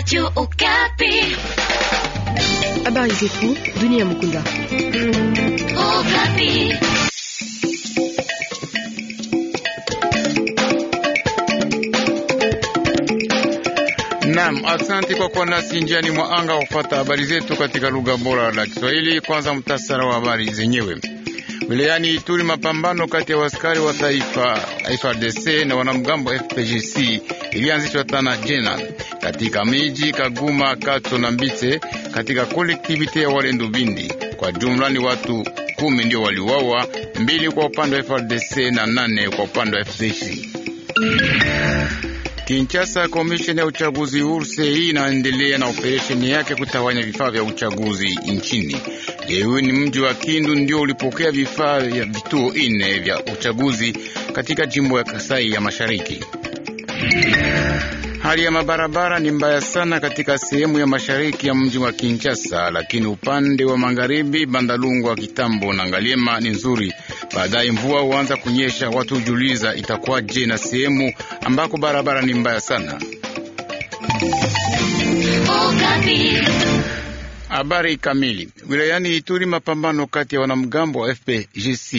Radio Okapi. Habari zetu dunia mukunda. Okapi. Naam, asante kwa kuwa nasi njiani mwa anga kufuata habari zetu katika lugha bora la Kiswahili. Kwanza mtasara wa habari zenyewe. Wilayani Ituri, mapambano kati ya waskari wa taifa FRDC na wanamgambo FPGC ilianzishwa tana jena katika miji Kaguma, Katso na Mbitse katika kolektivite ya Walendu Bindi. Kwa jumla ni watu kumi ndio waliuawa, mbili kwa upande wa FRDC na nane kwa upande wa FCC. Kinshasa, komisheni ya uchaguzi URSE inaendelea na operesheni yake kutawanya vifaa vya uchaguzi nchini. ni mji wa Kindu, ndio ulipokea vifaa vya vituo ine vya uchaguzi katika jimbo ya Kasai ya Mashariki. Hali ya mabarabara ni mbaya sana katika sehemu ya mashariki ya mji wa Kinshasa, lakini upande wa magharibi Bandalungwa, Kitambo na Ngaliema ni nzuri. Baadaye mvua huanza kunyesha, watu hujiuliza itakuwaje na sehemu ambako barabara ni mbaya sana. Oh, Habari kamili wilayani Ituri, mapambano kati ya wanamgambo wa FPJC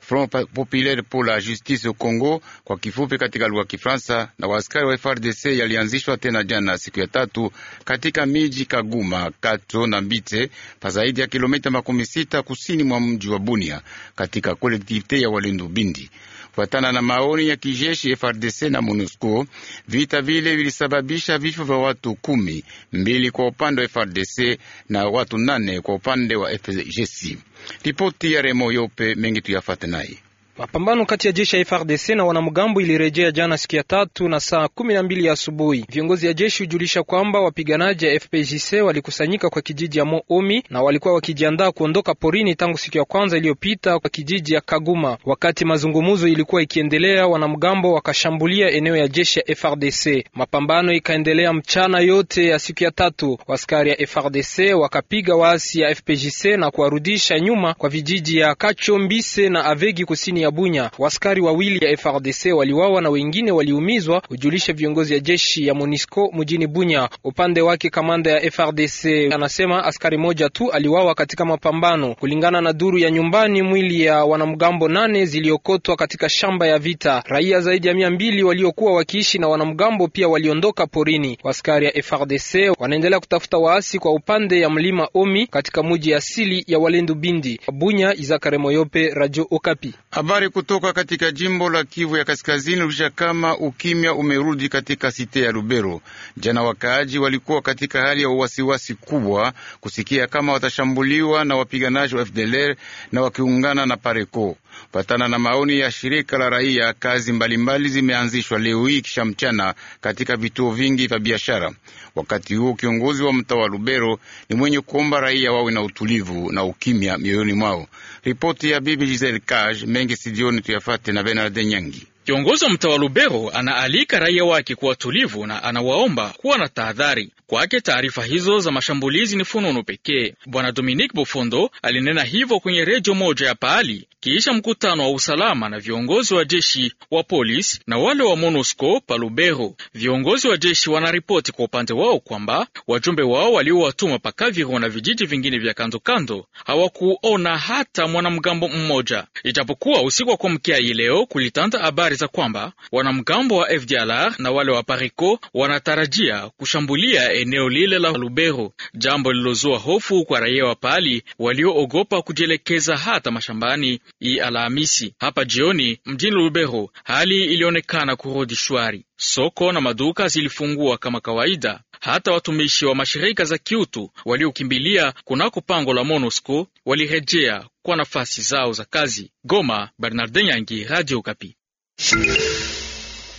Front Populaire pour la Justice au Congo kwa kifupi katika lugha Kifransa na waaskari wa FRDC yalianzishwa tena jana siku ya tatu katika miji Kaguma, Kato na Mbite pa zaidi ya kilomita makumi sita kusini mwa mji wa Bunia katika kolektivite ya Walendu Bindi. Kufuatana na maoni ya kijeshi frdc na MONUSCO, vita vile vilisababisha vifo vya watu kumi, mbili kwa upande wa frdc na watu nane kwa upande wa FGC. Ripoti ya Remo Yope mengi tuyafate naye Mapambano kati ya jeshi ya FRDC na wanamgambo ilirejea jana siku ya tatu na saa kumi na mbili ya asubuhi. Viongozi ya jeshi hujulisha kwamba wapiganaji ya FPJC walikusanyika kwa kijiji ya Moomi na walikuwa wakijiandaa kuondoka porini tangu siku ya kwanza iliyopita kwa kijiji ya Kaguma. Wakati mazungumzo ilikuwa ikiendelea, wanamgambo wakashambulia eneo ya jeshi ya FRDC. Mapambano ikaendelea mchana yote ya siku ya tatu. Waskari ya FRDC wakapiga waasi ya FPJC na kuwarudisha nyuma kwa vijiji ya Kachombise na Avegi kusini ya Bunya, waskari wawili ya FRDC waliwawa na wengine waliumizwa, hujulisha viongozi ya jeshi ya MONUSCO mjini Bunya. Upande wake kamanda ya FRDC anasema askari moja tu aliwawa katika mapambano. Kulingana na duru ya nyumbani, mwili ya wanamgambo nane ziliokotwa katika shamba ya vita. Raia zaidi ya mia mbili waliokuwa wakiishi na wanamgambo pia waliondoka porini. Waskari ya FRDC wanaendelea kutafuta waasi kwa upande ya mlima Omi katika muji asili ya Walendu Bindi. Bunya, Izakare Moyope, Radio Okapi. Aba Habari kutoka katika jimbo la Kivu ya Kaskazini lisha kama ukimya umerudi katika site ya Lubero. Jana wakaaji walikuwa katika hali ya uwasiwasi kubwa kusikia kama watashambuliwa na wapiganaji wa FDLR na wakiungana na Pareko fatana na maoni ya shirika la raia, kazi mbalimbali zimeanzishwa leo hii kisha mchana katika vituo vingi vya biashara. Wakati huo kiongozi wa mtaa wa Lubero ni mwenye kuomba raia wawe na utulivu na ukimya mioyoni mwao. Ripoti ya bibi Giselle Kaj mengi sidioni tuyafate na Benard Nyangi. Kiongozi wa mtaa wa Lubero anaalika raia wake kuwa tulivu na anawaomba kuwa na tahadhari. Kwake taarifa hizo za mashambulizi ni fununu pekee. Bwana Dominique Bofondo alinena hivyo kwenye redio moja ya pahali kisha mkutano wa usalama na viongozi wa jeshi wa polisi na wale wa MONUSCO pa Lubero. Viongozi wa jeshi wanaripoti kwa upande wao kwamba wajumbe wao waliowatuma Pakaviro na vijiji vingine vya kandokando hawakuona hata mwanamgambo mmoja, ijapokuwa usiku wa kuamkia hii leo kulitanda habari habari za kwamba wanamgambo wa FDLR na wale wa PARECO wanatarajia kushambulia eneo lile la Lubero, jambo lilozua hofu kwa raia wa pahali walioogopa kujielekeza hata mashambani. Hii Alhamisi hapa jioni mjini Lubero hali ilionekana kurudi shwari. Soko na maduka zilifungua kama kawaida. Hata watumishi wa mashirika za kiutu waliokimbilia kunako pango la MONUSCO walirejea kwa nafasi zao za kazi. Goma, Bernardin Yangi, Radio Kapi.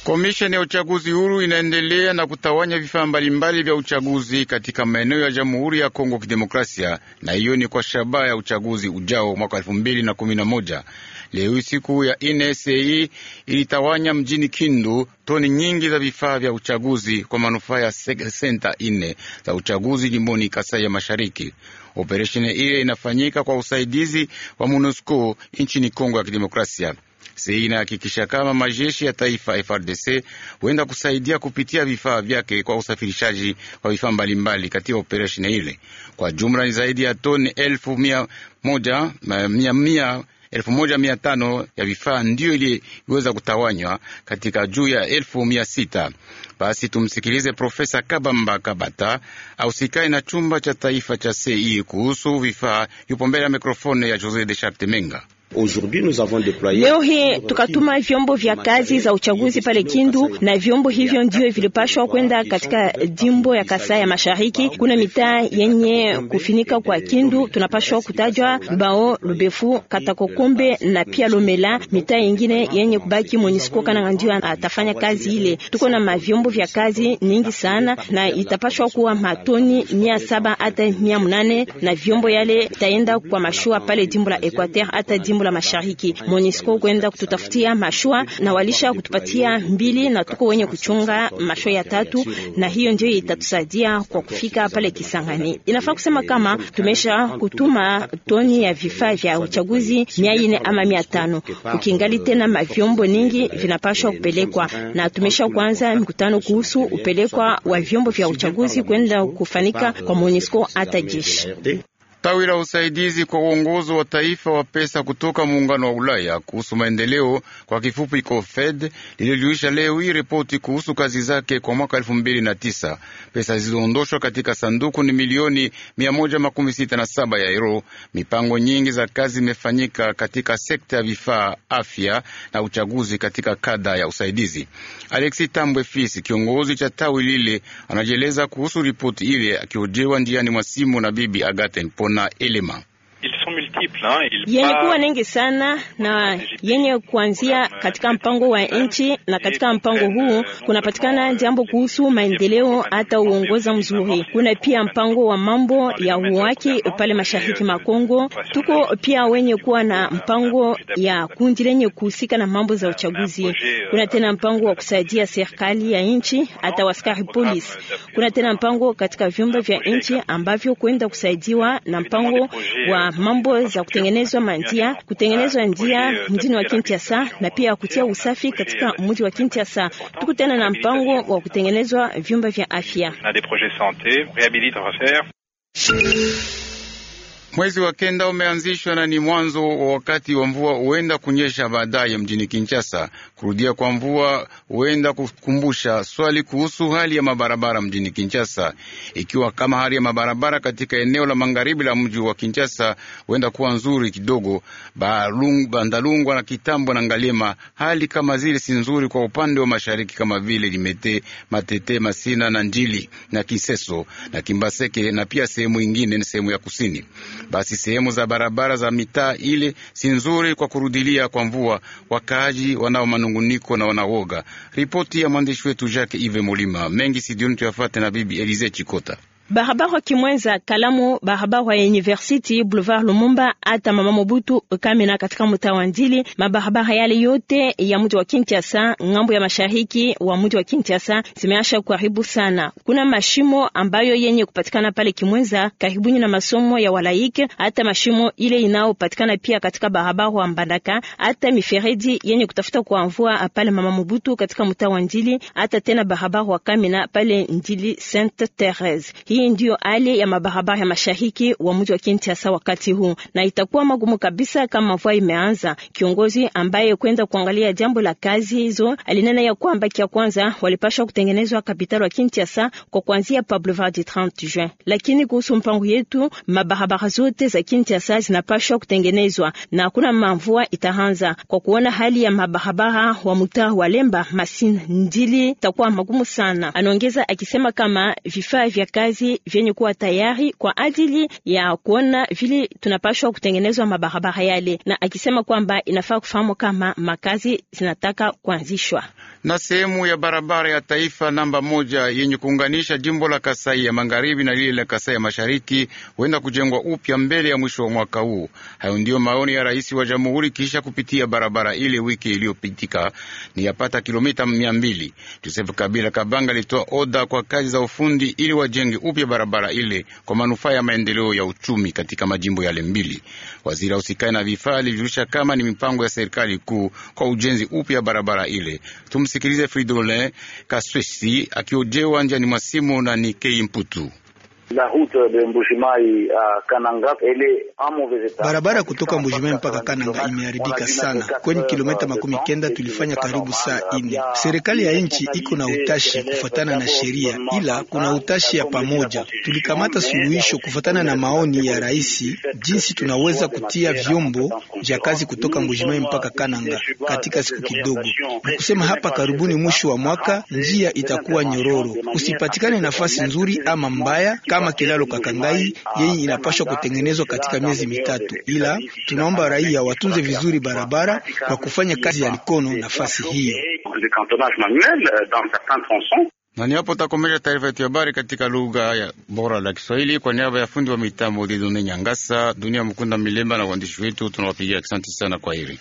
Komisheni ya uchaguzi huru inaendelea na kutawanya vifaa mbalimbali vya uchaguzi katika maeneo ya Jamhuri ya Kongo Kidemokrasia, na hiyo ni kwa shabaha ya uchaguzi ujao mwaka elfu mbili na kumi na moja. Leo siku ya ine sei ilitawanya mjini Kindu toni nyingi za vifaa vya uchaguzi kwa manufaa ya senta ine za uchaguzi jimboni Kasai ya Mashariki. Operesheni ile inafanyika kwa usaidizi wa MONUSCO nchini Kongo ya Kidemokrasia. Sei inahakikisha kama majeshi ya taifa FRDC huenda kusaidia kupitia vifaa vyake kwa usafirishaji wa vifaa mbalimbali katika operesheni ile. Kwa jumla ni zaidi ya toni elfu mia moja, mia mia, elfu moja mia tano ya vifaa ndiyo iliweza kutawanywa katika juu ya elfu mia sita. Basi tumsikilize Profesa Kabamba Kabata ausikae na chumba cha taifa cha CI kuhusu vifaa. Yupo mbele ya mikrofone ya Jose de Chaptemenga. Leo hii tukatuma vyombo vya kazi za uchaguzi pale Kindu, na vyombo hivyo ndio vilipashwa kwenda katika jimbo ya Kasai ya Mashariki. Kuna mitaa yenye kufinika kwa Kindu, tunapashwa kutajwa Bao, Lubefu, Katakokombe na pia Lomela, mitaa yingine yenye kubaki Monusco kana ndio atafanya kazi ile. Tuko na mavyombo vya kazi nyingi sana, na itapashwa kuwa matoni mia saba hata mia mnane na vyombo yale itaenda kwa mashua pale jimbo la Equateur hata jimbo jimbo la Mashariki. monisco kwenda kututafutia mashua na walisha kutupatia mbili, na tuko wenye kuchunga mashua ya tatu, na hiyo ndio itatusaidia kwa kufika pale Kisangani. Inafaa kusema kama tumesha kutuma toni ya vifaa vya uchaguzi mia ine ama mia tano ukingali tena mavyombo ningi vinapashwa kupelekwa, na tumesha kuanza mkutano kuhusu upelekwa wa vyombo vya uchaguzi kwenda kufanika kwa Monisco hata jeshi tawi la usaidizi kwa uongozo wa taifa wa pesa kutoka muungano wa Ulaya kuhusu maendeleo, kwa kifupi COFED, lilijulisha leo hii ripoti kuhusu kazi zake kwa mwaka elfu mbili na tisa. Pesa zilizoondoshwa katika sanduku ni milioni mia moja makumi sita na saba ya euro. Mipango nyingi za kazi zimefanyika katika sekta ya vifaa, afya na uchaguzi katika kada ya usaidizi. Alexi Tambwe Fis, kiongozi cha tawi lile, anajieleza kuhusu ripoti ile, akihojewa njiani mwa simu na Bibi Agaten na Elema. Multiple, yenye kuwa nengi sana na yenye kuanzia katika mpango wa nchi, na katika mpango huu eh, kunapatikana jambo kuhusu maendeleo hata uongoza mzuri. Kuna pia mpango wa mambo ya uwaki pale eh, mashariki ma Kongo. Tuko pia wenye kuwa na mpango ya kundi lenye kuhusika na mambo za uchaguzi. Euh, Kuna tena mpango wa kusaidia serikali ya nchi hata waskari polisi. Kuna tena mpango katika vyumba vya nchi ambavyo kwenda kusaidiwa na mpango wa mambo euh, mambo za kutengenezwa manjia, kutengenezwa njia mjini wa Kinshasa na pia kutia usafi katika mji wa Kinshasa. tena na mpango wa kutengenezwa vyumba vya afya. Mwezi wa kenda umeanzishwa na ni mwanzo wa wakati wa mvua huenda kunyesha baadaye mjini Kinshasa. Kurudia kwa mvua huenda kukumbusha swali kuhusu hali ya mabarabara mjini Kinshasa, ikiwa kama hali ya mabarabara katika eneo la magharibi la mji wa Kinshasa huenda kuwa nzuri kidogo. Bandalungwa na Kitambo na Ngalema, hali kama zile si nzuri kwa upande wa mashariki kama vile Limete, Matete, Masina na Njili na Kiseso na Kimbaseke, na pia sehemu ingine ni sehemu ya kusini basi sehemu za barabara za mitaa ile si nzuri kwa kurudilia kwa mvua. Wakaaji wanao manunguniko na wanawoga. Ripoti ya mwandishi wetu Jacques Ive Mulima mengi sidioni tuyafate na bibi Elize Chikota barabara Kimwenza Kalamu, barabara ya University Boulevard Lumumba hata Mama Mobutu Kamena katika mtaa wa Ndili. Mabarabara yale yote ya mji wa Kinshasa, ngambo ya mashariki wa mji wa Kinshasa zimeasha karibu sana. Kuna mashimo ambayo yenye kupatikana pale Kimwenza karibuni na masomo ya walaike, hata mashimo ile inayopatikana pia katika barabara wa Mbandaka, hata mifereji yenye kutafuta kwa mvua pale Mama Mobutu katika mtaa wa Ndili, hata tena barabara wa Kamena pale Ndili Sainte Therese. Hii ndiyo hali ya mabarabara ya mashariki wa mji wa Kinshasa wakati huu, na itakuwa magumu kabisa kama mvua imeanza. Kiongozi ambaye kwenda kuangalia jambo la kazi hizo alinena ya kwamba kia kwanza walipashwa kutengenezwa kapitali wa Kinshasa kwa kuanzia pa Boulevard du 30 Juin, lakini kuhusu mpango yetu mabahabaha zote za Kinshasa zinapashwa kutengenezwa na hakuna mamvua itaanza. Kwa kuona hali ya mabarabara wa mtaa wa Lemba Masin Ndili itakuwa magumu sana, anaongeza akisema kama vifaa vya kazi viti vyenye kuwa tayari kwa ajili ya kuona vile tunapashwa kutengenezwa mabarabara yale, na akisema kwamba inafaa kufahamu kama makazi zinataka kuanzishwa na sehemu ya barabara ya taifa namba moja yenye kuunganisha jimbo la Kasai ya magharibi na lile la Kasai ya mashariki huenda kujengwa upya mbele ya mwisho wa mwaka huu. Hayo ndiyo maoni ya rais wa jamhuri kisha kupitia barabara ile wiki iliyopitika, ni yapata kilomita mia mbili. Joseph Kabila Kabanga alitoa oda kwa kazi za ufundi ili wajenge upya barabara ile kwa manufaa ya maendeleo ya uchumi katika majimbo yale mbili. Waziri ausikai na vifaa alijulisha kama ni mipango ya serikali kuu kwa ujenzi upya barabara ile Tumse Tumsikilize Fridolin Kaswesi akiojewa njani mwa simu na Nikei Mputu. Barabara kutoka Mbujimai mpaka Kananga imeharibika sana, kweni kilomita euh, makumi kenda tulifanya karibu saa ine. Serikali ya nchi iko na utashi kufuatana na sheria, ila kuna utashi ya pamoja. Tulikamata suluhisho kufuatana na maoni ya rais, jinsi tunaweza kutia vyombo vya kazi kutoka Mbujimai mpaka Kananga katika siku kidogo, na kusema hapa karibuni mwisho wa mwaka njia itakuwa nyororo, usipatikane nafasi nzuri ama mbaya kama kama kilalo Kakangai yenye inapashwa kutengenezwa katika miezi mitatu, ila tunaomba raia watunze vizuri barabara kwa kufanya kazi ya mikono nafasi hiyo. Na ni hapo takomesha taarifa yetu ya habari katika lugha ya bora la Kiswahili. Kwa niaba ya fundi wa mitambo Didone Nyangasa, Dunia Mkunda Milemba na waandishi wetu, tunawapigia asante sana. Kwa heri